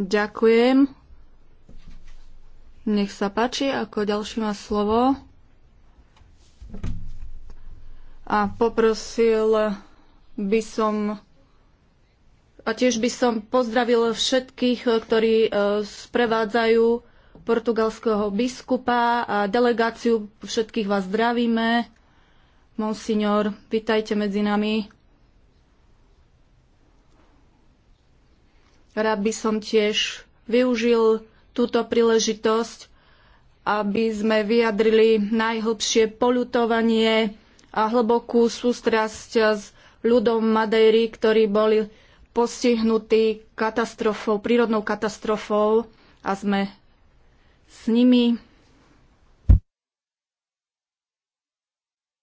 Ďakujem. Nech sa páči, ako ďalší má slovo. A poprosil by som a tiež by som pozdravil všetkých, ktorí e, sprevádzajú portugalského biskupa a delegáciu. Všetkých vás zdravíme. Monsignor, vitajte medzi nami. Rád by som tiež využil túto príležitosť, aby sme vyjadrili najhlbšie polutovanie a hlbokú sústrasť s ľudom Madejry, ktorí boli postihnutí katastrofou, prírodnou katastrofou a sme s nimi